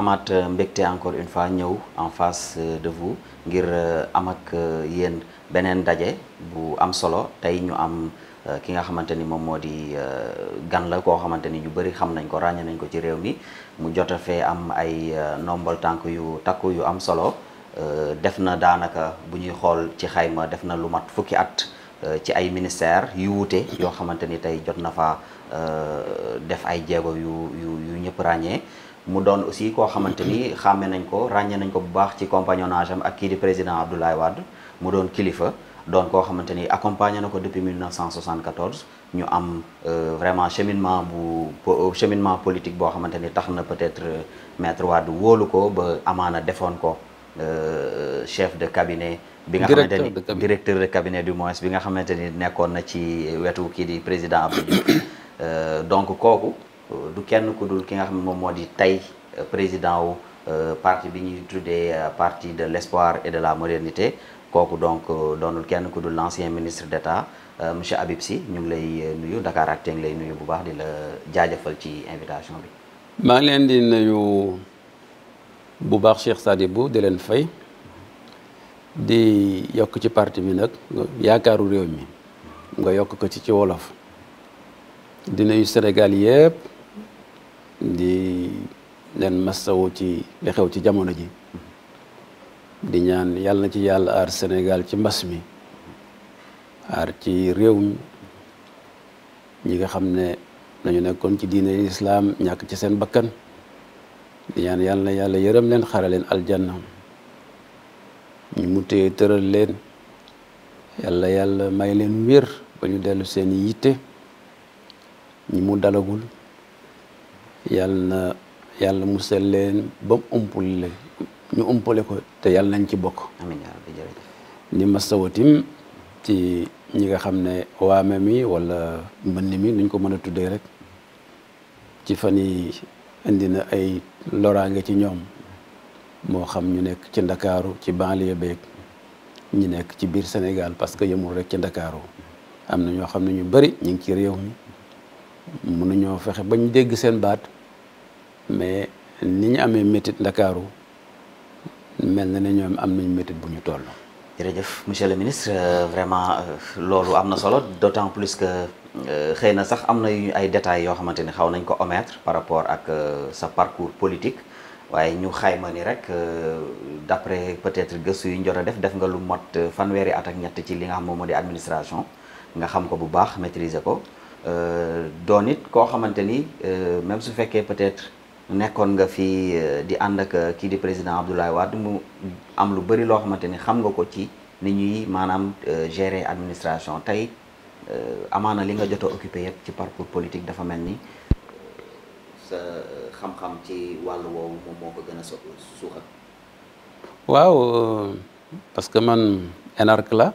amaat euh, mbégte encore une fois ñëw en face euh, de vous ngir euh, am ak yéen beneen daje bu am solo tey ñu am ki nga xamante ni moom moo di gan la koo xamante ni ñu bëri xam nañ ko ràññee nañ ko ci réew mi mu jot a am ay ndombal tànk yu takku yu am solo def na daanaka bu ñuy xool ci xayma def na lu mat fukki at ci ay ministères yu wuute yoo xamante ni tey jot na fa def ay jéego yu yu yu ñëpp ràññee. mu doon aussi ko xamanteni xamé nañ ko ragné nañ ko bu baax ci compagnonnage am ak ki di président Abdoulaye Wade mu doon kilifa doon ko xamanteni accompagné nako depuis 1974 ñu am euh, vraiment cheminement bu euh, cheminement politique bo xamanteni taxna peut-être euh, maître Wade wolu ko ba amana defon ko chef de cabinet bi nga xamanteni directeur de cabinet du moins bi nga xamanteni ni na ci wetu ki di président don euh, donc koku Euh, du kenn ku dul ki nga xam ne moom moo euh, président wu euh, parti bi ñuy tuddee parti de l'espoir et de la modernité kooku donc doonul kenn ku dul l'ancien ministre d'État monsieur Habib Sy ñu lay nuyu Dakaractu ngi lay nuyu bu baax di la jaajëfal ci invitation bi. maa ngi leen di nuyu bu baax Cheikh Sadibou di leen fay di yokk ci parti bi nag yaakaaru réew mi nga yokk ko ci ci wolof di nuyu Sénégal yépp di leen mastawu ci li xew ci jamono ji di ñaan yàlla na ci yàlla aar Sénégal ci mbas mi aar ci réew mi ñi nga xam ne dañu nekkoon ci diine lislaam ñàkk ci seen bakkan di ñaan yàlla na yàlla yërëm leen xare leen aljanna ñu mu téye tëral leen yàlla yàlla may leen wér ba ñu dellu seen yitte ñu mu dalagul yàll na yàlla musal leen ba mu umpul ñu umpale ko te yàlla nañ ci bokk ni yaa rabbi ci ñi nga xam ne waame mi walla mbënn mi nuñ ko mën a tuddee rek ci fan yi indi na ay loraange ci ñoom moo xam ñu nekk ci ndakaaru ci banlieue beeg ñi nekk ci biir Sénégal parce que yemul rek ci ndakaaru am na ñoo xam ne ñu bari ñu ngi ci réew mi mënuñoo fexe bañ dégg seen baat mais ni ñu amee métit ndakaaru mel na ne ñoom am nañ métit bu ñu toll. jërëjëf monsieur le ministre euh, vraiment euh, loolu am na solo d' plus que euh, xëy na sax am na ay détails yoo xamante ni xaw nañ ko omettre par rapport ak sa parcours politique waaye ñu xayma ni rek d' après peut être gëstu yu ñu def def nga lu mot fanweeri at ak ñett ci li nga xam moom moo di administration nga xam ko bu baax maîtriser ko. Eh, Donit, ko xamanteni euh ni eh, même su fekke peut-être nekkon nga fi eh, di and ak ki di président Abdoulaye Wade mu am lu bari lo xamanteni ni xam nga ko ci ni ñuy manam gérer administration euh amana li nga jotto a occupé yëpp ci parcours politique dafa melni sa xam-xam ci walu woowu moom moko gëna gën waaw euh, parce que man énarque la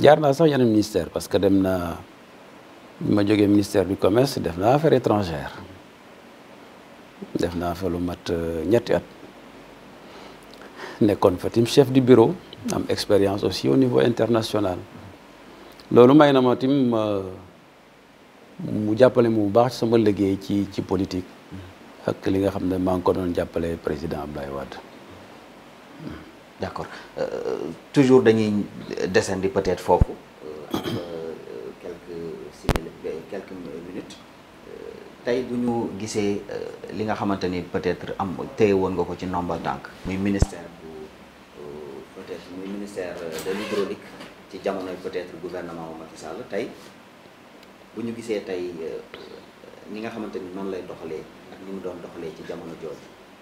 jaar naa sax yeneen ministère parce que dem naa ma jógee ministère du commerce def naa affaire étrangère def naa fa lu mat euh, ñetti at nekkoon fa tim chef du bureau am expérience aussi au niveau international loolu may na ma tim mu jàppale mu bu baax sama liggéey ci ci politique ak li nga xam ne maa ngi ko doon jàppale président Abdoulaye Wade d'accord Euh, toujours dañuy descendi peut-être foofu euh, euh, quelques ben, quelques minutes euh, Tay buñu ñu gisee li nga xamanteni peut-être am téye woon nga ko ci nombre tank muy ministère bu peut-être muy ministère de l'hydraulique ci jamonoy peut-être gouvernement Macky Sall tay buñu ñu tay ni nga xamanteni ni lay doxalé ak ni mu doon doxalé ci jamono jojo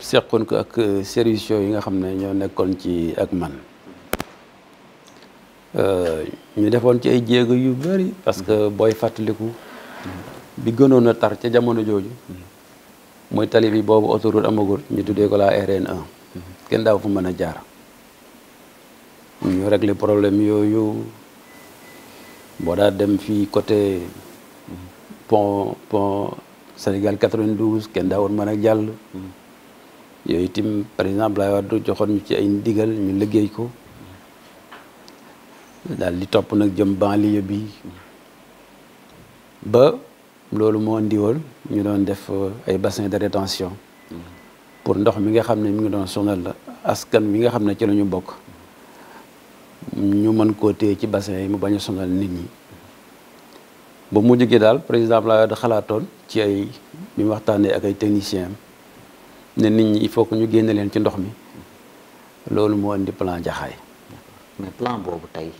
seqoon ko ak euh, service yi nga xam ne ñoo nekkoon ci ak man euh, ñu defoon ci ay jéego yu bëri parce que booy fàttaliku bi gënoon a tar ca jamono jooju mooy tali bi boobu autoroute amagul ñu tuddee ko laa rn kenn daaw fu mën a jaar ñu régler problème yooyu boo daa dem fii côté pont pont Sénégal 92 kenn daawoon mën a jàll yo itim président blaye wadou joxone ñu ci ay ndigal ñu liggey ko dal li top nak jëm banlieue bi ba mo andi wol ñu don def euh, ay bassin de rétention pour ndox mi nga xamne mi ngi don sonal askan mi nga xamne ci lañu bok ñu mën ko téye ci bassin yi mu baña sonal nit ñi ba mu jógee dal président blaye wadou ci ay bi waxtane ak ay techniciens ne nit ñi il faut que ñu génn leen ci ndox mi loolu moo indi plan jaxaay mais plan boobu tey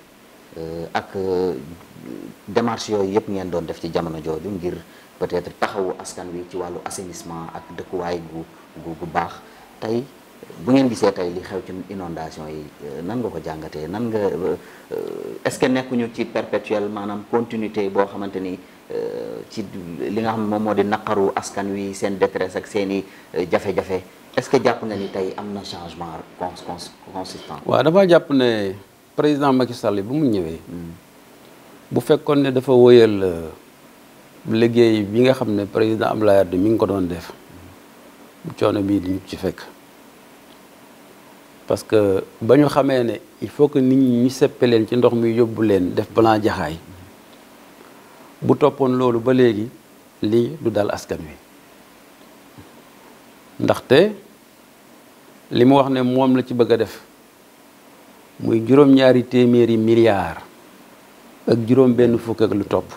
euh, ak euh, démarche yooyu yëpp ngeen doon def ci jamono jooju ngir peut-être taxawu askan wi ci wàllu assainissement ak dëkkuwaay gu gu gu baax tey bu ngeen gisee tey li xew ci inondation yi euh, nan nga ko jàngatee nan nga est-ce que nekkuñu ci perpétuel maanaam continuité boo xamante ni Euh, ci li nga xam ne moo di naqaru askan wi seen détresse ak seen i euh, jafe-jafe est-ce que jàpp nga ni tey am na changement consistant waaw dafa jàpp ne président Macky Sall bu mu ñëwee hmm. bu fekkoon ne dafa wóyal euh, liggéey bi nga xam ne président Abdoulaye Wade mi ngi ko doon def coono bii di ci fekk parce que ba ñu xamee ne il faut que nit ñi ñu seppe leen ci ndox mi yóbbu leen def plan jaxaay bu toppoon loolu ba léegi lii du dal askan wi ndaxte li mu wax ne moom la ci bëgg a def muy juróom-ñaari téeméeri milliards ak juróom benn fukk ak lu topp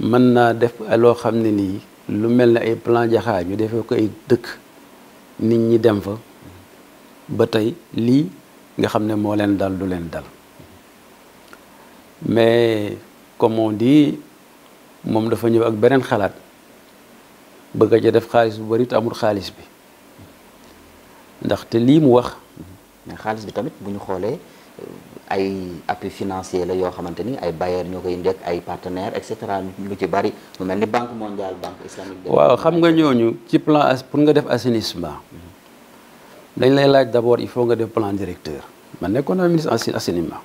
mën naa def loo xam ne nii lu mel ne ay plan jaxaar ñu defee ko ay dëkk nit ñi dem fa ba tey lii nga xam ne moo leen dal du leen dal mais comme on dit mom dafa ñew ak benen xalaat bëgg ja def xaaliss bu bari tamul xaaliss bi bi te li mu wax. mais bi tamit buñu xolé ay appui financier la yo xamanteni ay bailleur ñokay ndek ay partenaire et cetera lu ci bari mu melni banque mondiale banque islamique. waaw xam nga ñooñu ci plan as pour nga def assainissement mhm. dañ lay laaj d'abord il faut nga def plan directeur man nekkoon ministre assainissement.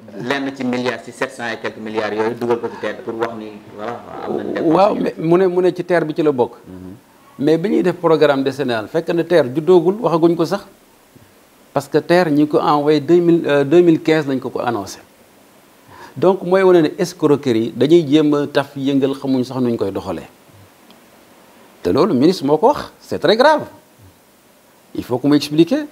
lenn ci milliards ci 700 et quelques milliards yooyu dugal ko ci terre pour wax ni voilà. waaw mu ne mu ne ci terre bi ci la bokk. mais bi ñuy def programme décennal fekk na terre juddoogul waxaguñ ko sax parce que terre ñi ko envoyé 2000 2015 deux euh, lañ ko ko annoncé. donc mooy wane ne escroquerie dañuy jéem a taf yëngal xamuñ sax nuñ koy doxalee te loolu ministre moo ko wax c'est très grave il faut que mu expliquer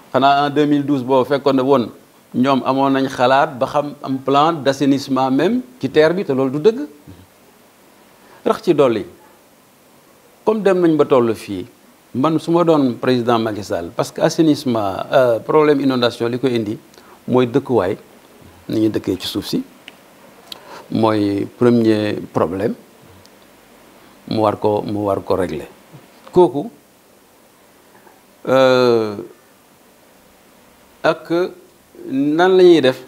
xanaa en 2012 boo fekkoon ne woon. ñom amon nañ xalaat ba xam am plan d'assainissement même ci terre bi té lolou du deug rax ci doli comme dem nañ ba tollu fi man suma don président Macky Sall parce que assainissement euh, problème inondation liko ko moy mooy way ni ñu dëkkee ci souf ci moy premier problème mu war ko mu war ko régler euh ak nan la ñuy def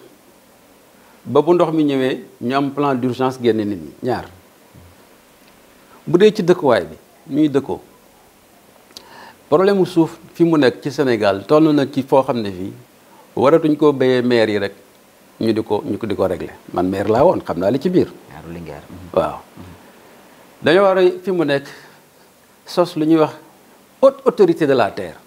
ba bu ndox mi ñëwee ñu am plan d'urgence génne nit ñi ñaar bu dee ci dëkkuwaay bi ñu ñuy dëkkoo problème mu suuf fi mu nekk ci Sénégal toll na ci foo xam ne fii waratuñ koo béyee maire yi rek ñu di ko ñu di ko régler man maire laa woon xam naa li ci biir. waaw dañoo war fi mu nekk sos lu ñuy wax haute autorité de la terre.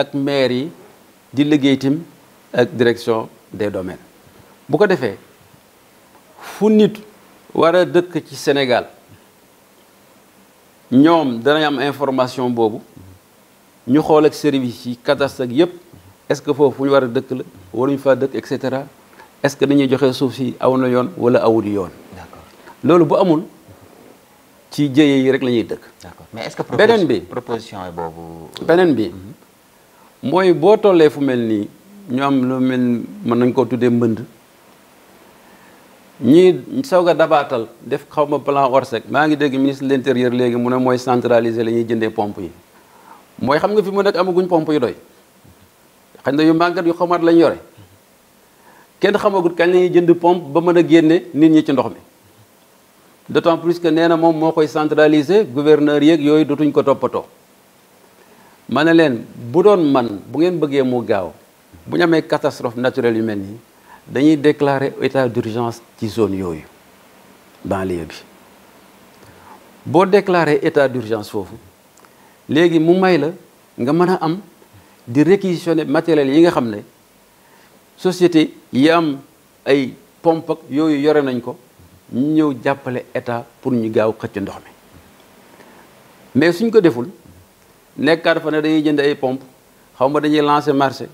ak la mairie, di liggéey tim direction des domaines bu ko defee fu nit war a ci Sénégal ñoom danañ am information boobu ñu xool ak service est-ce que faut faire des la est-ce que dañuy joxe suuf si aw na yoon wala awul d'accord loolu bu amul ci jëye rek la ñuy dëkk. d'accord mais est-ce que la proposition est bonne. mooy boo tollee fu mel nii ñu am lu mel mën nañ koo tuddee mbënd ñii soog a dabaatal def xaw ma plan orsec maa ngi dégg ministre de l'intérieur léegi mu ne mooy centraliser la ñuy jëndee pompe yi mooy xam nga fi mu ak amaguñ pompe yu doy xañ na yu màggat yu xamaat lañ yore kenn xamagut kañ la ñuy jënd pompe ba mën a génne nit ñi ci ndox mi d'autant plus que nee na moom moo koy centraliser gouverneur yeeg yooyu dootuñ ko toppatoo ma ne leen bu doon man bu ngeen bëggee mu gaaw bu ñu amee catastrophe naturelle yu mel nii dañuy déclarer état d'urgence ci zone yooyu banlieue bi boo déclarer état d'urgence foofu léegi mu may la nga mën a am di réquisitionner matériel yi nga xam ne société yi am ay pompe yooyu yore nañ ko ñu ñëw jàppale état pour ñu gaaw xëcc ndox mi mais suñ ko deful nekkaat fa ne dañuy jënd ay pompe xaw dañuy lancer marché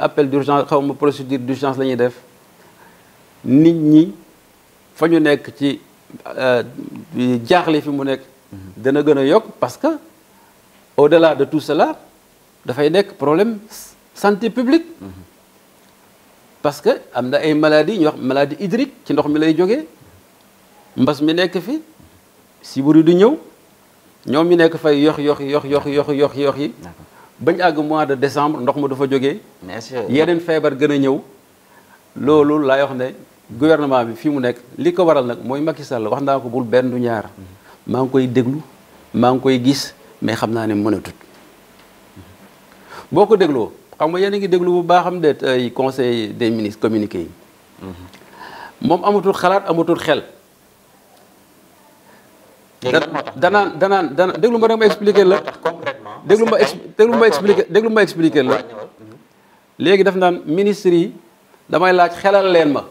appel d'urgence xaw procédure d'urgence la def nit ñi fa ñu ci euh, fi parce que au-delà de tout cela dafay nekk problème santé publique parce que am na ay maladies wax maladie hydrique ci ndox mi lay jógee mbas mi fi du ñëw ñom ñu nek fay yox yox yox yox yox yox yox yi bañ ag mois de décembre ndox ma dafa jógee yeneen feebar gëna ñëw loolu la wax né gouvernement bi fi mu nek liko waral nak moy Macky Sall wax naa ko bul ben du ñaar mm-hmm. ma ngi koy déglu ma ngi koy gis mais xamna né mëna tut mm-hmm. boko ko xam nga yéen ngi déglu bu baax dé ay conseil des ministres communiqué yi mm-hmm. moom amatul xalaat amatul xel danaan danaan dana déglu ma rek ma expliquer la déglu ma déglu ma expliqué déglu ma expliqué la mm-hmm. léegi daf naan ministre yi damay laaj xelal leen ma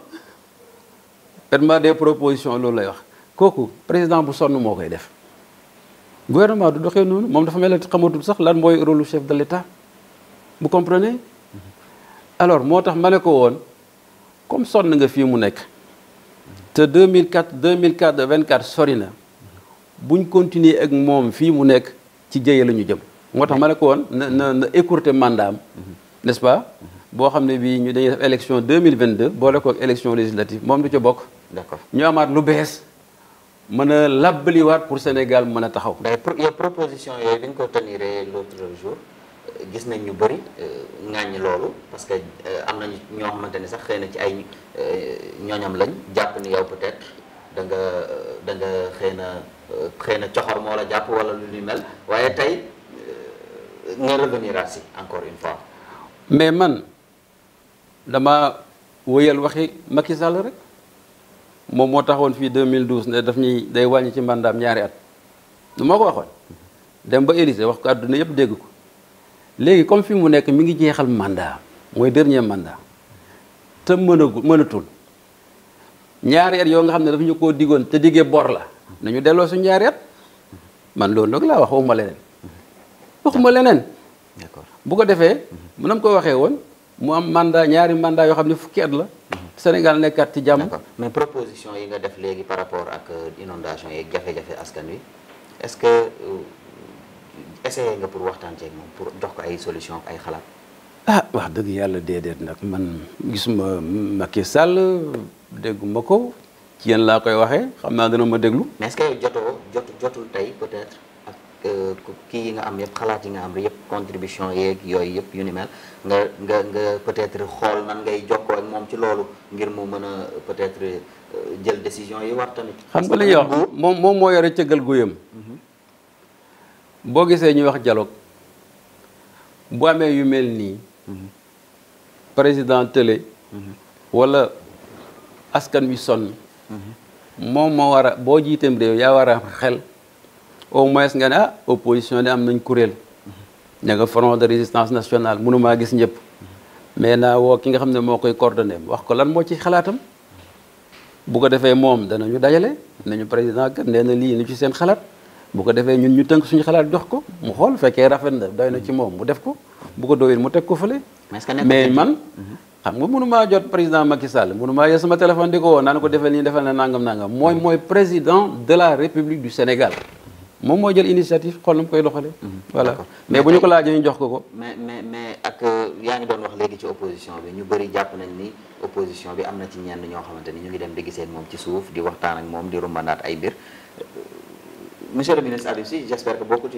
faites-moi des proposition loolu lay wax kooku président bu sonn moo koy def gouvernement du doxee noonu moom dafa mel ne xamatul sax lan mooy rôle chef de l'État mu comprenez mm-hmm. alors moo tax ma ne ko woon comme sonn nga fii mu nekk te 2004 2004 24 sori na buñ continuer ak moom fii mu nekk ci jëye la ñu jëm moo tax ma ne ko woon na na na écourter mandat am mhm. ce pas boo xam ne bii ñu dañuy def élection 2022 boole ko ak élection législative moom du ca bokk d'accord ñu amaat lu bees mën a làbbaliwaat pour Sénégal mën a taxaw yow proposition yooyu dañ ko tenir l'autre jour gis nañ ñu bëri euh, ŋàññi loolu parce que euh, am nañu ñoo xamante ne sax xëy na ci ay euh, ñooñam lañ jàpp ni yow peut da nga xëy na xëy na coxor moo la jàpp wala lu ni mel waaye tey euh, nga revenir encore une fois. mais man dama wëyal waxi Macky Sall rek moom moo taxoon fii mille 2012 ne daf ñuy day wàññi ci mandaam ñaari at lu ma ko waxoon dem ba Élysée wax ko àdduna yëpp dégg ko léegi comme fi mu nekk mi ngi jeexal mandat mooy dernier mandat te mënagul mënatul. ñaari at yoo nga xam ne dafa ñu koo diggoon te diggee bor la na ñu delloo su ñaari at man loolu nag laa wax waxuma leneen waxuma leneen bu ko defee mu nam ko waxee woon mu am mandat ñaari mandat yoo xam ne fukki at la Sénégal nekkaat ci jàmm mais proposition yi nga def léegi par rapport ak euh, inondation yeeg jafe-jafe askan wi est-ce que euh, essayé nga pour waxtaan ceeg moom pour jox ko ay solution ay xalaat ah wax dëgg yàlla déedéet nag man gisuma Macky Sall ma ko ci yenn laa koy waxee xam naa dana ma déglu. mais est-ce que jotoo jot jotul tey peut-être ak euh, kii yi nga am yëpp xalaat yi nga am yëpp contribution yeeg yooyu yëpp yu ni mel nga nga nga peut-être xool nan ngay jokkoo ak moom ci loolu ngir mu mën a peut-être euh, jël décision yi war tamit. xam nga li ñuy wax moom moom moo yore cëggal guyam. Mhm. boo gisee ñu wax dialogue bu amee yu mel nii. Mhm. président télé. Mhm. wala. askan wi sonn moom moo war a boo jiiteem réew yaa war a xel au moins nga ne ah opposition ne am nañ kuréel ña nga front de résistance nationale mënumaa gis ñëpp mais naa woo ki nga xam ne moo koy coordonné wax ko lan moo ci xalaatam bu ko defee moom danañu dajale nañu président kat nee na lii ni ci seen xalaat bu ko defee ñun ñu tënk suñu xalaat jox ko mu xool fekkee rafet na doy na ci moom mu def ko bu ko doyul mu teg ko fële mais man mhm. xam nga mënu jot président Macky Sall mënu maa sama téléphone di ko woo naan ko defal nii defal na nangam nangam mooy mm-hmm. mooy président de la république du Sénégal moom mooy jël initiative xool nu mu koy doxalee. Mm-hmm. voilà mais bu ñu ko laajee ñu jox ko ko. mais mais mais ak euh, yaa ngi doon wax léegi ci opposition bi ñu bëri jàpp nañ ni opposition bi am na ci ñenn ñoo xamante ni ñu ngi dem di seen moom ci suuf di waxtaan ak moom di rumbandaat ay mbir euh, monsieur le ministre Habib Sy j'espère que bokku ci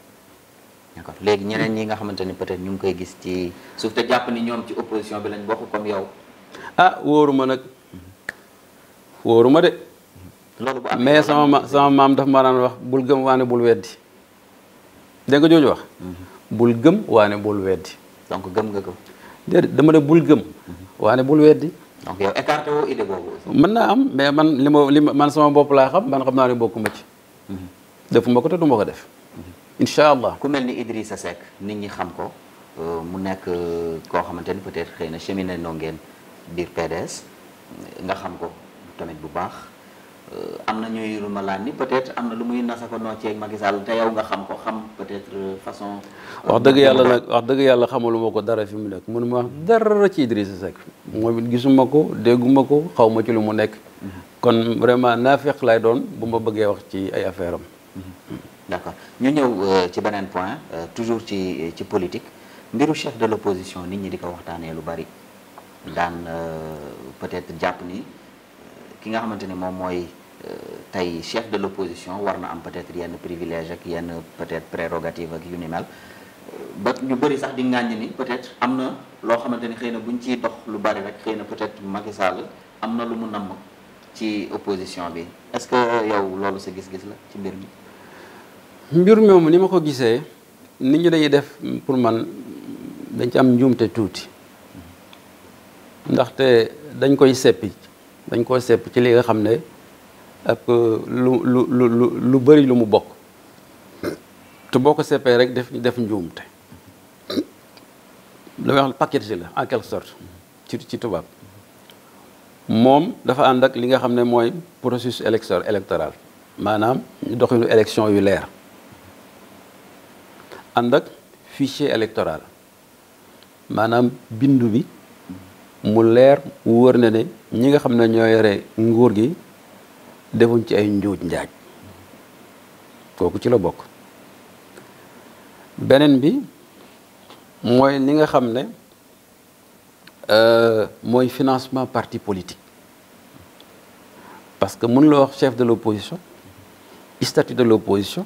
d'accord légui ñeneen ñi nga xamanteni peut-être ñu ngi koy gis ci suuf te japp ni ñom ci opposition bi lañ bokk comme yow. ah woruma nak woruma de. loolu bu mais sama sama mam daf ma ran wax bul gëm waane bul wéddi de nga joju wax. Mhm. bul gëm waane bul wéddi donc gëm nga ko. déedéet dama ne bul gëm. Mhm. waane bul wéddi donc yow écarté wo idée bobu man na am mais man limo man sama bop la xam man xam na ni bokuma ci. Mhm. defuma ko te du ma ko def inshallah ku melni ni Idrissa sek nit ñi xam ko eh, mu nek eh, ko xamanteni peut-être xeyna na cheminé noo ngeen bir PDS nga xam ko tamit bu baax eh, amna na ñuy rumalaan ni peut-être amna na lu muy nasa ko noo ak Macky Sall te yow nga xam ko xam peut-être façon. wax deug yalla nak wax deug yalla xamaluma dara fi mu nek mu wax dara ci Idrissa sek mo ci lu mu nek mhm. kon vraiment nafiq lay doon bu ma bëgge wax ci ay D'accord. accord ñu ñëw euh, ci beneen point euh, toujours ci ci politique mbiru chef de l'opposition, opposition nit ñi di ko waxtaanee lu bari daan euh, peut-être jàpp ni ki nga xamanteni mom moy tay chef de l'opposition warna am peut-être yenn privilège ak yenn peut-être prérogative ak yu ni mel ba ñu bari sax di ŋàññi ni peut-être amna lo xamanteni xeyna buñ ci dox lu bari rek xeyna peut-être Macky Sall amna lu mu nam ci opposition bi est-ce que yow lolu sa gis-gis la ci mbir mi. mbir moomu ni ma ko gisee ni ñu dañuy def pour man dañ ci am njuumte tuuti ndaxte dañ koy seppi dañ koy seppi ci li nga xam ne ak lu lu lu lu bëri lu mu bokk te boo ko seppee rek def def njuumte lu wax paquet la en quelque sorte ci ci tubaab moom dafa ànd ak li nga xam ne mooy processus élection électoral maanaam doxinu élection yu leer Andak fichier électoral manam bindu bi mu leer wóor ne ñi nga xamne ne ñoo nguur gi defuñ ci ay njuuj njaaj kooku ci la bok benen bi moy li nga xamne euh moy financement parti politique parce que mën lo wax chef de l'opposition statut de l'opposition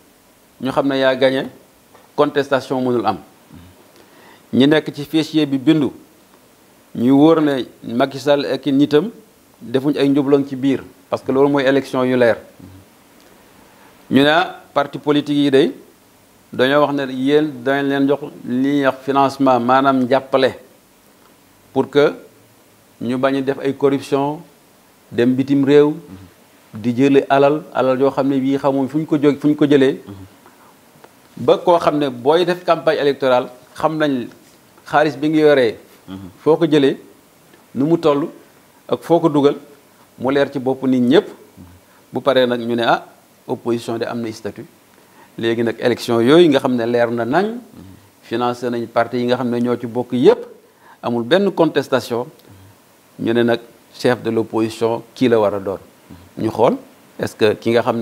Nous avons gagné la contestation mënul am ñi nekk ci fichier bi bindu ñu woor né Macky Sall ak nitam defuñ ay ñublon ci biir parce que loolu moy élection yu avons ñu ah, parti politique yi day dañu wax né yeen dañ leen jox li financement manam jappalé pour que ñu bañ nous def ay corruption dem bitim réew di jël alal alal xamné ne ko ko si koo xam ne campagne électorale xam nañ xaalis bi ngi nu mu ak foo dugal mu ci bopp nit ñëpp bu ñu ah opposition de am na statut léegi nag élection nga xam ne na nañ financé nañ parti yi nga xam ne ñoo ci bokk yëpp amul benn contestation ñu chef de l'opposition kii la war doon ñu est-ce que ki nga xam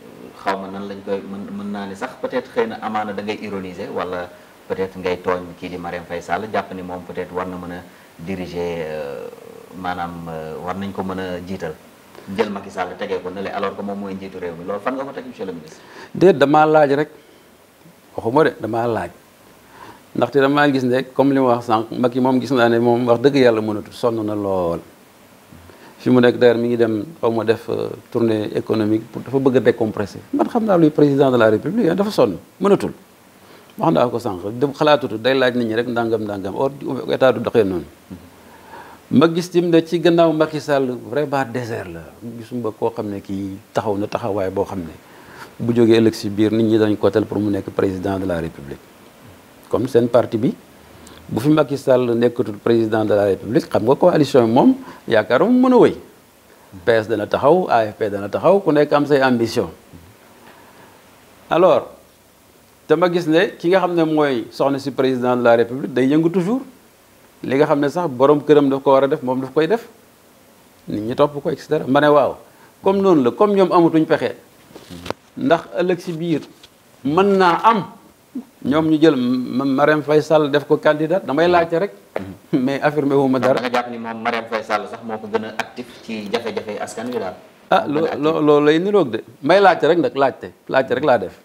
xaw ma nan lañ koy mën naa ne sax peut-être xëy na amaana da ngay ironiser wala peut-être ngay tooñ kii di Marème Faye Sall jàpp ni moom peut-être war na mën a diriger euh, maanaam euh, war nañ ko mën a jiital jël Macky Sall tegee ko ne la alors moom mooy njiitu réew mi loolu fan nga ko teg monsieur le ministre. déet damaa laaj rek waxuma de damaa laaj ndaxte damaa gis ne comme li ma wax ma Macky moom gis naa ne moom wax dëgg yàlla mënatul sonn na lool. fi mu nekk d'ailleurs mi ngi dem ma def euh, tournée économique pour dafa bëgg décompresser man xam naa luy président de la république hein, dafa a mënatul wax naa ko sànq dem xalaatutu day laaj nit ñi rek ndàngam ndàngam or état du doxee noonu ma gis tim ne ci gannaaw Macky Sall bar désert la gisuma koo xam ne kii taxaw na taxawaay boo xam ne bu jógee ëllëg si biir nit ñi dañ ko tel pour mu nekk président de la république comme seen parti bi bu fi Macky Sall nekkatul président de la république xam nga coalition bi moom yaakaar mu mën a wéy PS dana taxaw AFP de dana taxaw ku nekk am say ambition alors dama gis ne ki nga xam ne mooy soxna si président de la république day yëngu toujours li nga xam ne sax borom këram daf ko war a def moom daf koy def nit ñi topp ko et cetera ma ne waaw comme noonu la comme ñoom amatuñ pexe ndax ëllëg si biir mën am ñoom ñu jël Marème fay Sall def ko candidat damay laajte rek. Mhm. mais affirmé wu ma dara. nga ni moom Marème Faye Sall sax moo ko gën a actif ci jafe-jafe askan wi daal. ah loo loo lay niroog de may laajte rek nag laajte laajte rek laa def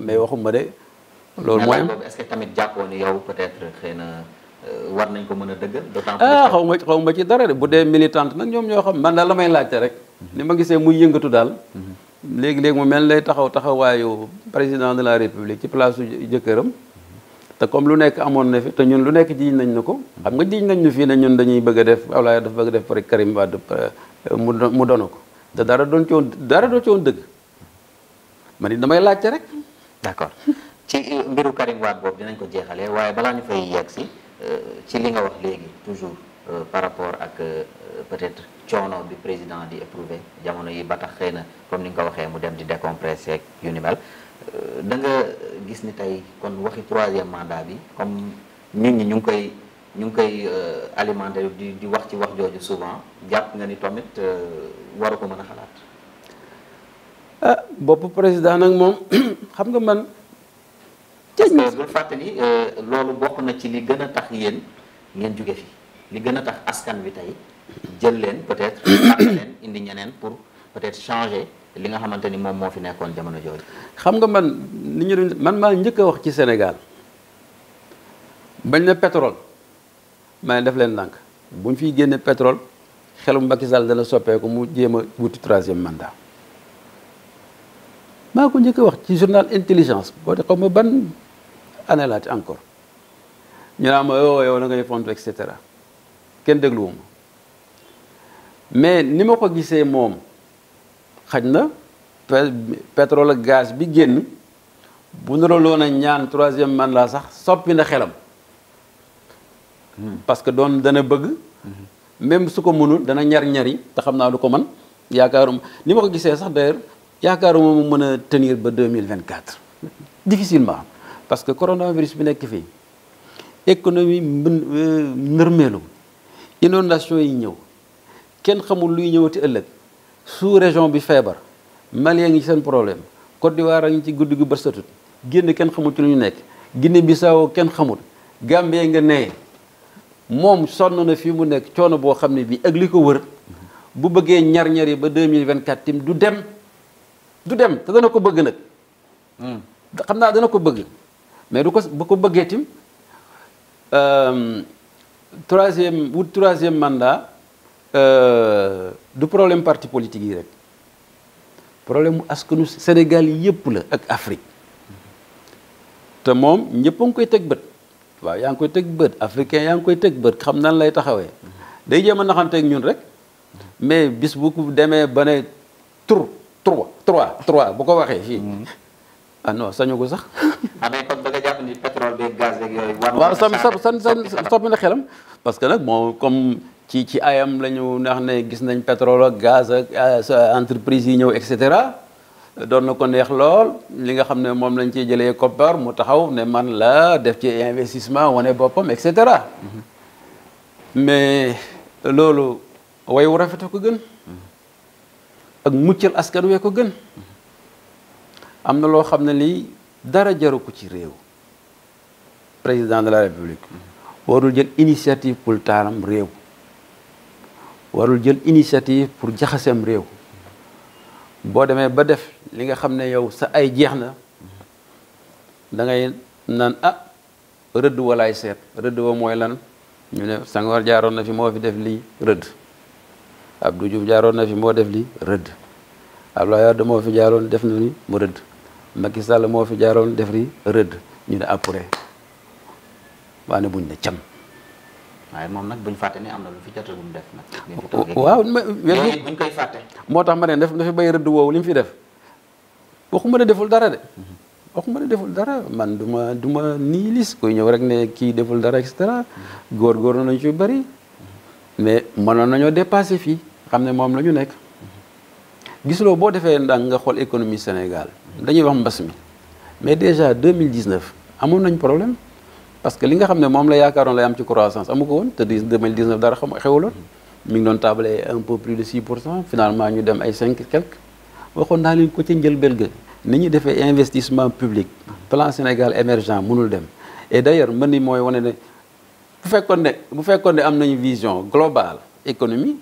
mais waxuma de. loolu mooy am tamit jàppoo ni yow peut-être xëy na euh, war nañ ko mën a dëggal. d'autant ah xaw ma xaw ma ci dara de bu dee militante nag ñoom ñoo xam man daal may laajte rek. Mhm. ni ma gisee muy yëngatu daal. Mhm. léegi-léegi mu mel lay taxaw taxawaayu président de la république ci place jëkkëram te comme lu nekk amoon na fi te ñun lu nekk jiiñ nañ na ko xam nga jiiñ nañ ñu fii ne ñun dañuy bëgg a def Abdoulaye dafa bëgg def pare Karim Wade euh, mu mu dono ko te dara doon ci woon dara doon ci woon dëgg man it damay laajte rek d'accord ci mbiru Karim Wade boobu dinañ ko jeexalee waaye balaa ñu fay yegg si euh, ci li nga wax léegi toujours Euh, par rapport ak euh, peut-être coono bi président di éprouvé jamono yi ba tax xëy na comme ni nga ko waxee mu dem di décompressé ak yu ni mel euh, da nga gis ni tey kon waxi troisième mandat bi comme nit ñi ñu ngi koy ñu ngi koy alimenté di di wax ci wax jooju souvent jàpp nga ni tamit waru ko mën a xalaat. ah bopp président nag moom xam nga man. ca ñu parce que bu loolu bokk na ci li gën a tax yéen ngeen juge fi. li gëna tax askan bi tay jël leen peut-être leen indi ñeneen pour peut-être changer li nga xamanteni mom mo fi nekkon jamono jooju. xam nga man ni ñu man ma njëkk wax ci Sénégal bañ na pétrole maa def leen ndànk buñ fi génné pétrole xelum Macky Sall dana ko mu jéem a 3e mandat maa ko njëkk wax ci journal intelligence bo de xaw ma ban année encore ñu na ma oh, yow yow na ngay font etc. cetera kenn dégluwuma mais ni ma ko gisee moom xaj na pétrole ak gaz bi génn bu naraloon a ñaan troisième mandat sax soppi na xelam hmm. parce que doon dana bëgg hmm. même su ko mënul dana ñar-ñari te xam naa du ko man yaakaaruma ni ma ko gisee sax d'ailleurs yaakaaruma mu mën a tenir ba 2024 difficilement parce que coronavirus bi nekk fii économie mën euh, nërmeelu inondation yi ñëw kenn xamul luy ñëw ñëwati ëllëg sous région bi feebar yaa ngi seen problème Côte d'Ivoire a ngi ci guddi ba bët satut génn kenn xamul ci lu ñu nekk Guinée Bissau kenn xamul Gambie nga nee moom sonn na fii mu nekk coono boo xam ne bii ak li ko wër bu bëggee ñar-ñar yi ba 2024 tim du dem du dem te dana ko bëgg nag hmm. xam naa dana ko bëgg mais du ko bu ko bëggee tim euh, troisième ou troisième mandat euh, du problème parti politique Le problème est ce Sénégal nous la ak Afrique te pouvons, pas être koy teg koy africain y a koy xam lay day y a mais bis beaucoup bonne ne trois trois trois bu ko mm-hmm. ah non sañu ko pas. waaw sam san san soppi na xelam parce que nag moom comme ci ci ayam la ñu ndax ne gis nañ pétrole ak gaz ak euh, entreprise yi ñëw et cetera doon na ko neex lool li nga xam ne moom lañ ciy jëlee koppar mu taxaw ne man la def ci investissement wane boppam et cetera mais loolu way wu rafet ko gën ak muccal askan wee ko gën am na loo xam ne lii dara jaru ko ci réew président de la république warul jël initiative pour taaram réew warul jël initiative pour jaxaseem réew boo demee ba def li nga xam ne yow sa ay jeex na dangay ngay naan ah rëdd wallaay seet rëdd wa mooy lan ñu ne Senghor jaaroon na fi moo fi def lii rëdd Abdou Diouf jaaroon na fi moo def lii rëdd Abdoulaye Wade moo fi jaaroon def na ni mu rëdd Macky Sall moo fi jaaroon def ni rëdd ñu ne après ah, waaye ne buñ ne cam. waaye moom nag buñ fàtte ne am na lu fi jot def nag. waaw mais buñ koy fàtte. moo tax ma ne daf bay béy rëdd woowu li mu fi def waxuma ne deful dara de. waxuma ne deful dara man du ma du ma nii lis koy ñëw rek ne kii deful dara et cetera góorgóorlu nañ ci bëri mais mënoon nañoo dépassé fii xam ne moom la ñu nekk. gisuloo boo defee ndànk nga xool économie Sénégal dañuy wax mbas mi mais déjà 2019 amoon nañ problème. parce que li nga xamné mom la yakaron lay am ci croissance amuko won te di 2019 dara xam xewaloon mi ngi don tablé un peu plus de 6 finalement ñu dem ay 5 quelque waxon naa leen ko ci ñël belge ni ñu défé investissement public plan Sénégal émergent mënul dem et d'ailleurs, ailleurs mën ni mooy wane ne bu fekkone bu fekkone am nañ vision globale économie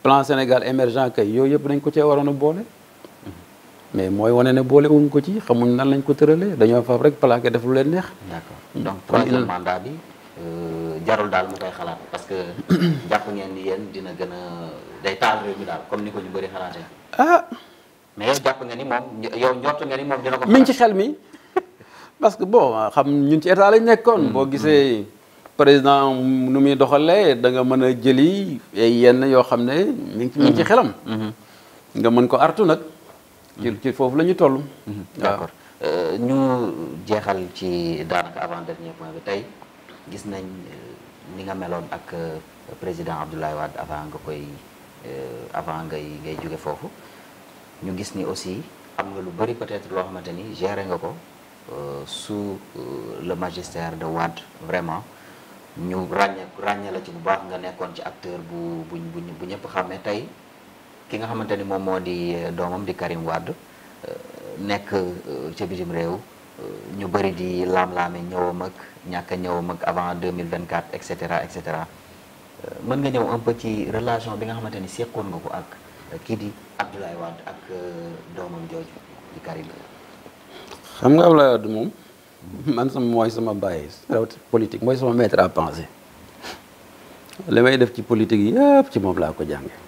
plan Sénégal émergent kay yooyu yëpp dañ ko ci warono bolé mais moy woné né bolé wuñ ko ci xamuñ nan lañ ko teurelé dañoo faaf rek plaqué def lu leen neex. d'accord hmm. donc troisième mandat bi euh, jarul dal mu koy xalaat parce que japp ngeen ni yeen dina gëna a day taal réew mi dal comme ni ko ñu bari xalaatee. ah. mais japp ngeen ni mom yow ñott ngeen ni mom dina ko. min ci xel mi parce que bon xam ñun ci état lañ nekkon hmm. bo hmm. gisé président nu mi doxalé da nga mëna a jëli yeen yo xamné min ci xelam. nga mën ko artu nak ci foofu la ñu toll. Mhm. d'accord euh, ñu jeexal ci daanaka avant dernier point bi tey gis nañ euh, ni nga meloon ak euh, président Abdoulaye Wade avant nga koy avant ngay ngay jóge foofu ñu gis ni aussi am nga lu bari peut-être loo xamante ni géré nga ko sous le magistère de Wade vraiment. ñu ràññee ràññee la ci bu baax nga nekkoon ci acteur bu bu bu ñëpp xamee tey ki nga xamante ni moom moo di euh, doomam di Karim wàdd euh, nekk euh, ca bitim réew ñu bëri di laam-laame ñëwam ak ñàkk a ñëwam ak avant 2024 et cetera et cetera mën nga ñëw un peu ci relation bi nga xamante ni seqoon nga ko ak kii di Abdoulaye wàdd ak doomam jooju di Karim xam nga Abdoulaye Wade moom man sama mooy sama bàyyi rawatina politique mooy sama maître à penser li may def ci politique yëpp ci moom laa ko jànge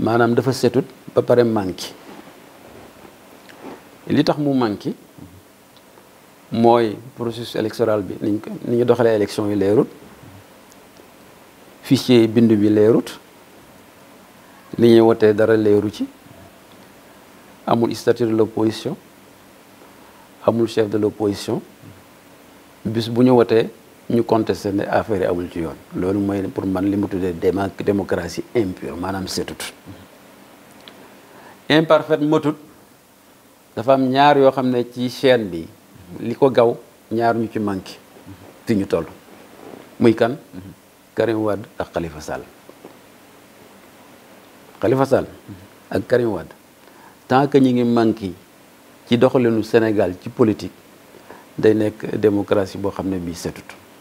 manam dafa setut ba pare manki li tax mu manqué moy processus électoral bi niñ ni ñu doxalee élection yi leerut fichier bindu bi leerut li ñi woté dara leeru ci amul statut de l'opposition amul chef de l'opposition bis bu ñu woté ñu contesté ne affaire awul ci yoon loolu mooy pour man li mu tuddee démocratie impure maanaam setut imparfaite matut dafa am ñaar yoo xam ne ci chaîne bi li ko gaw ñaar ñu ci manqué fi ñu toll muy kan Karim Wade ak Khalifa Sall Khalifa Sall ak Karim Wade tant que ñu ngi manqué ci doxalinu Sénégal ci politique day nekk démocratie boo xam ne bii setut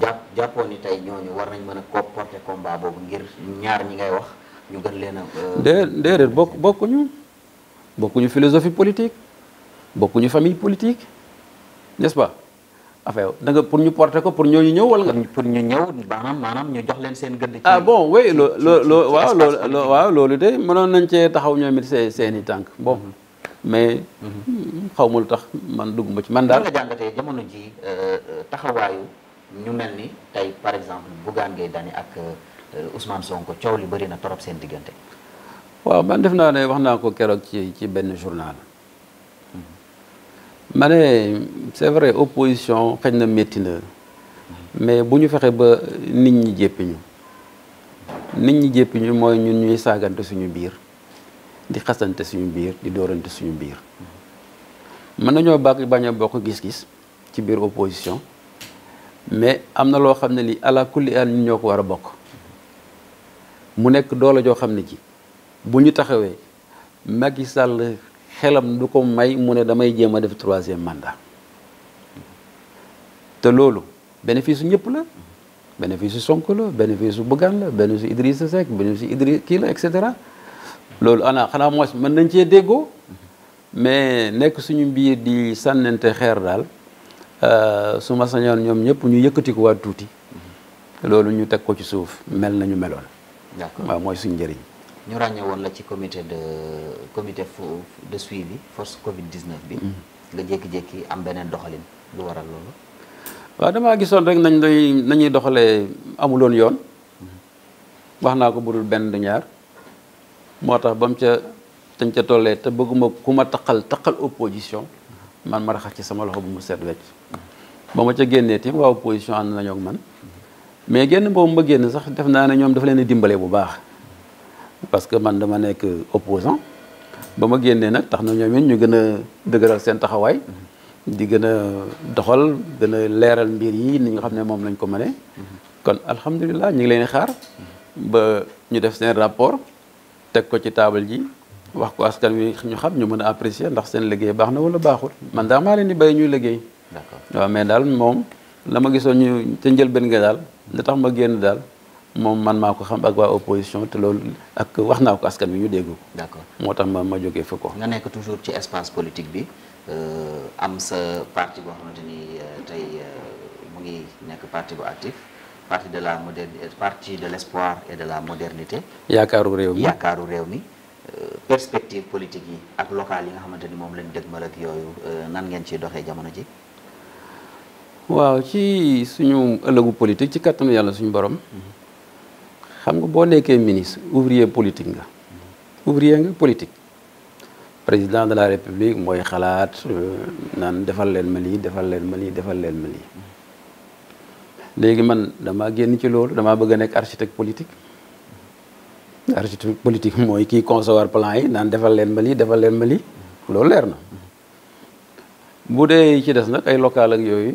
jàpp jàppoon ni tey ñooñu war nañ mën a ko porter baa boobu ngir ñaar ñi ngay wax ñu gën leen a. Euh, dé déedéet bokk bokkuñu bokkuñu philosophie politique bokkuñu famille politique nest pa pas affaire da nga pour ñu porter ko pour ñu ñëw wala nga. pour ñu ñëw maanaam maanaam ñu jox leen seen gëdd. ah bon oui loo loo loolu de mënoon nañ cee taxaw ñoom it seen seen i tànk bon. Mhm. mais mhm. xaw ma lu tax man dugg ma ci man daal. nga jàngatee jamono ji euh, euh, taxawaayu. ñu mel ni tey par exemple Bougane Gueye Dany ak euh, Ousmane Sonko coow li bëri na torop seen diggante. waaw man def naa ne wax naa ko keroog ci ci benn journal ma ne c'est vrai opposition xëy na métti na mais bu ñu fexe ba nit ñi jéppi ñu nit ñi jéppi ñu mooy ñun ñuy saagante suñu biir di xasante suñu biir di doorante suñu biir mën nañoo bàq bañ a bokk gis-gis ci biir opposition. mais am na loo xam ne li ala kulli al ñun ñoo a bokk mu nekk doole joo xam ne ji bu ñu taxawee Macky Sall xelam du ko may mu ne damay jéem a def troisième mandat te loolu bénéfice su ñëpp la bénéfice su Sonko la bénéfice su Bougane la bénéfice su Idrissa Seck bénéfice Idriss kii la et cetera ana xanaa mooy mën nañ cee déggoo mais nekk suñu mbir di sànnante xeer daal Euh, su ma sañoon ñoom ñëpp ñu yëkkatiku waat tuuti loolu ñu teg ko ci suuf mel nañu meloon waaw mooy suñ njëriñ ñu ràññe woon la ci comité de comité de suivi force covid 19 bi mm-hmm. nga jékki-jékki am beneen doxalin lu waral loolu waa damaa gisoon rek nañ lay nañuy doxalee amuloon yoon mm-hmm. wax naa ko budul benn du ñaar moo tax ba mu ca dañ ca tollee te bëgguma ku ma taqal taqal opposition man ma raxas ci sama loxo bu mu seet wecc ba ma ca génnee tim waa opposition ànd nañoo man mais génn boobu ma génn sax def naa ne ñoom dafa leen dimbale bu baax parce que man dama nekk opposant ba ma génnee nag tax na ñoom it ñu gën a dëgëral seen taxawaay di gën a doxal gën leeral mbir yi ni nga xam ne moom lañ ko mënee kon alhamdulilah ñu ngi leen xaar ba ñu def seen rapport teg ko ci taabal ji wax ko askan wi ñu xam ñu mën a apprécier ndax seen liggéey baax na wala baaxul man daa maa leen di bay ñuy liggéey waaw mais dal mom lama ma ñu ñu ñël ben nga dal li tax ma génn dal mom man mako xam ak wa opposition te lool ak waxna ko askan bi ñu dégg ko. D'accord. accord ma ma jógee fa ko. nga nekk toujours ci espace politique bi euh am sa parti bo xamanteni tay euh, tey euh, mu ngi nekk parti bu actif parti de la modernité parti de l'espoir et de la modernité. Yakaru réew mi yaakaaru réew mi. Euh, perspective politique yi ak locale yi nga xamanteni mom lañu lañ dëgmal ak yoyu nan ngeen ci doxé jamono ji. waaw ci suñu ëllëgu politique ci kattanu yàlla suñu borom xam nga boo nekkee ministre ouvrier politique nga ouvrier nga politique président de la république mooy xalaat euh, naan defal leen ma lii defal leen ma lii defal leen ma lii léegi man damaa génn ci loolu damaa bëgg a nekk architecte politique architecte politique mooy kii concevoir plan yi naan defal leen ma lii defal leen ma lii loolu leer na bu dee ci des nag ay local ak yooyu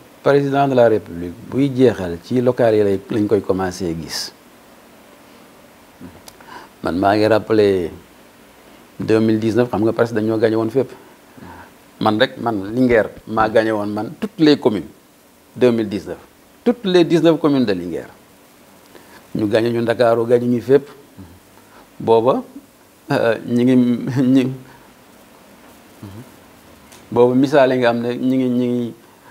président de la république buy jeexal ci local yi lañ koy commencer gis man maa ngi 2019 xam nga parce que gagné woon fépp man rek man Linguère m'a gagné won man toutes les communes 2019 toutes les 19 communes de Lingère, ñu gagné ñu Ndakaaru gagné ñu fépp booba euh, ñi ngi ñi booba ça, nga am nous, ñi ñi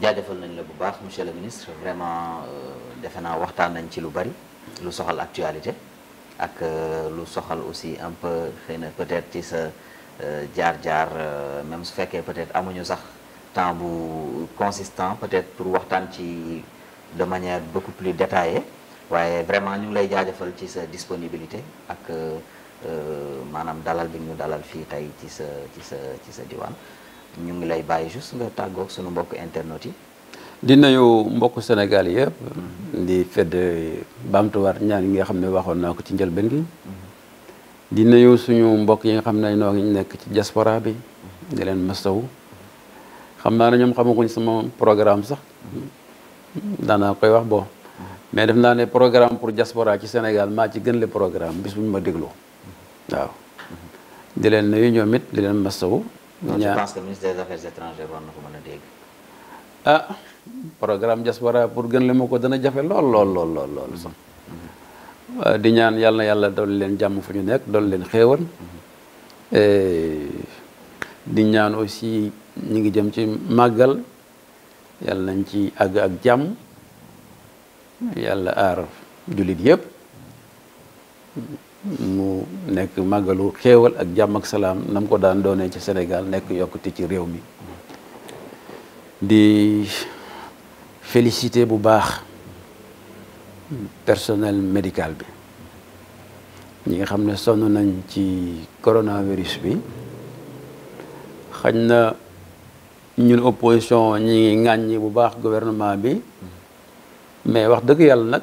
jaajëfal nañ la bu baax monsieur le ministre vraiment euh, defe naa waxtaan nañ ci lu bari lu soxal actualité ak euh, lu soxal aussi un xëy na peut-être ci sa euh, jaar-jaar même su fekkee peut-être amuñu sax temps bu consistant peut-être pour waxtaan ci de manière beaucoup plus détaillée waaye vraiment ñu ngi lay jaajëfal ci sa disponibilité ak maanaam dalal bi ñu dalal fii tey ci sa ci sa ci sa diwaan ñu ngi lay bàyyi juste nga tàggoog sunu mbokk internet yi. di nuyu mbokku Sénégal yëpp. di fedd baamtuwaat ñaan yi nga xam ne waxoon naa ko ci njëlbeen gi. di nuyu suñu mbokk yi nga xam ne noog ngi nekk ci diaspora bi. di leen mastawu. xam naa ne ñoom xamaguñ sama programme sax. daanaa koy wax bo mais def naa ne programme pour jaspora ci Sénégal maa ci gën le programme bis bu ma dégloo waaw. di leen nuyu ñoom di leen mastawu. non je pense que ministre des na ko mën a dégg. ah programme pour gën le ma ko dana jafe lool lool lool lool di ñaan yàlla yàlla dolli leen jàmm fu ñu nekk dolli leen xéewal mhm. di ñaan aussi ñu ngi jëm ci màggal yàlla nañ ci àgg ak jàmm yàlla aar jullit yépp mu nekk màggalu xéewal ak jàmm ak salaam nam ko daan doonee ci Sénégal nekk yokkute ci réew mi di félicité bu baax personnel médical bi ñi nga xam ne sonn nañ ci coronavirus bi xañ na ñun opposition ñi ngi ŋàññi bu baax governement bi mais wax dëgg yàlla nag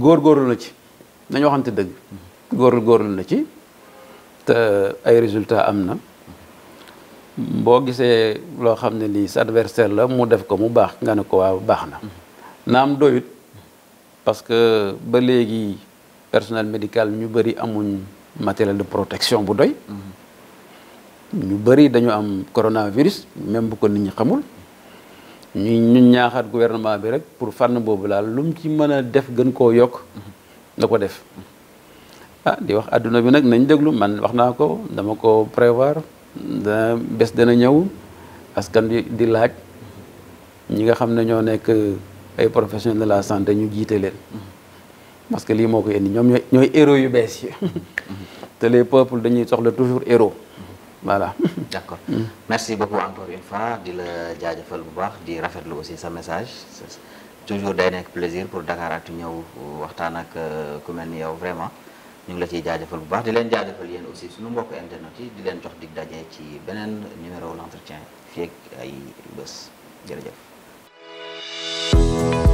góor góorgóorlu na ci nañu waxante dëgg góorlu góorlu na ci te ay résultat am na boo gisee loo xam ne lii sa adversaire la mu def ko mu baax nga ne ko waaw baax na naam doyut parce que ba léegi personnel médical ñu bëri amuñ matériel de protection bu doy ñu bëri dañu am coronavirus même bu ko nit ñi xamul ñu ñu ñaaxaat gouvernement bi rek pour fànn boobu laal lum mu ci mën a def gën koo yokk da ko def ah di wax aduna bi nak nañ deglu man waxna ko dama ko prévoir da bes dana ñew askan di di laaj ñi nga xamne ño nek ay professionnels de la santé ñu jité len parce que li moko yéni ñom ñoy héros yu bes yi té les peuples dañuy soxla toujours héros voilà d'accord accord merci beaucoup encore une fois di la jaajëfal bu baax di rafetlu aussi sa message toujours day nekk plaisir pour dakar Dakaractu ñëw waxtaan ak euh, ku melni yow vraiment ñu ngi la ciy jaajëfal bu baax di leen jaajëfal yéen aussi suñu mbokk internet yi di leen jox dig dajee ci beneen numéro l'entretien fii ak ay bés jërëjëf